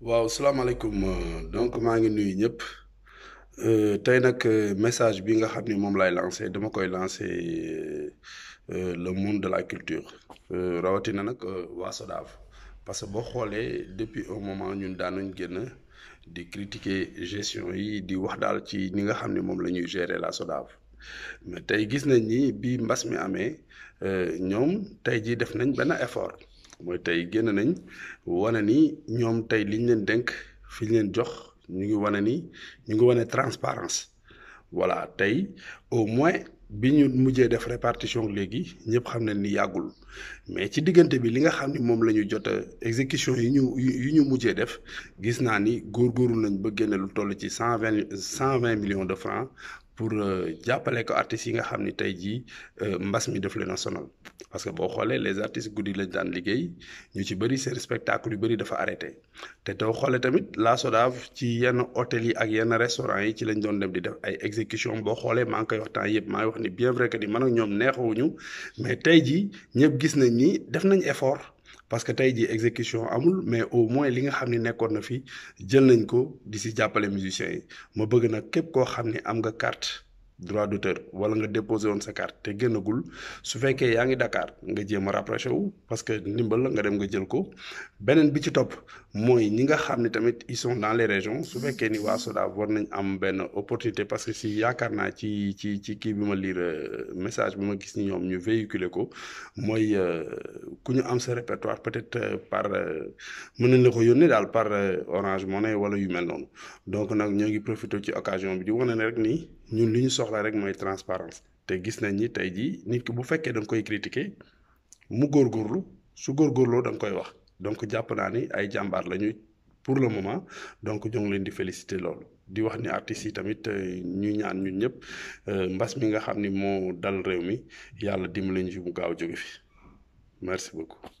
waaw salaamaaleykum euh, donc maa ngi nuyu ñëpp euh, tey nag euh, message bi nga xam ni moom laay lancé dama koy lancé le monde de la culture rawatina nag waa SODAV parce que boo xoolee depuis un moment ñun daanuñ génn di critiquer gestion yi di wax daal ci ni nga xam ni moom la ñuy gérer la SODAV mais tey gis nañ ni bi mbas mi amee ñoom tey jii def nañ benn effort mooy tey génn nañ wane ni ñoom tey liñ leen denk fi ñu leen jox ñu ngi wane ni ñu ngi wane transparence voilà tey au moins bi ñu mujjee def répartition léegi ñëpp xam ne ni yàggul mais ci diggante bi li nga xam ni moom la ñu jot a yi ñu yi ñu mujjee def gis naa ni góor góorgóorlu nañ ba génne lu toll ci cent vingt cent vingt millions de francs pour euh, jàppale ko artistes yi nga xam ni tey jii euh, mbas mi def leen a sonal parce que boo xoolee les artistes guddi lañ daan liggéey ñu ci bëri seen spectacle yu bëri dafa arrêté te doo xoolee tamit la SODAV ci yenn hôtel yi ak yenn restaurant yi ci lañ doon dem di def ay execution boo xoolee maa ngi koy wax temps yëpp maa ngi wax ni bien vrai que ni man ak ñoom neexuwuñu mais tey jii ñëpp gis nañ nii def nañ effort. parce que tey jii exécution amul mais au moins li nga xam ne nekkoon na fi jël nañ ko di si jàppale musiciens yi ma bëgg na képp koo xam ne am nga carte droit d'auteur wala nga déposé woon sa carte te génnagul su fekkee yaa ngi dakaar nga jéem a rapproché wu parce que ndimbal nga dem nga jël ko beneen bi ci topp mooy ñi nga xam ne tamit ils sont dans les régions su fekkee ni waa SODAV war nañ am benn opportunité parce que si yaakaar naa ci ci ci kii bi ma lire euh, message bi ma gis ñoom ñu véhiculer ko mooy euh, ku ñu am sa répertoire peut-être euh, par mën nañ la ko yónnee daal par Orange Money wala yu mel noonu donc nag ñoo ngi profité ci occasion bi di wane ne rek nii. ñun li ñu soxla rek mooy transparence te gis nañ ni tey jii nit ki bu fekkee da nga koy critiquer mu góor góorlu su góorgóorloo da nga koy wax donc jàpp naa ni ay jàmbaar lañu pour le moment donc ñoo leen di féliciter loolu di wax ni artistes yi tamit euh, ñu ñaan ñun ñëpp euh, mbas mi nga xam ni moo dal réew mi yàlla dimbali ñu mu gaaw jóge fi merci beaucoup.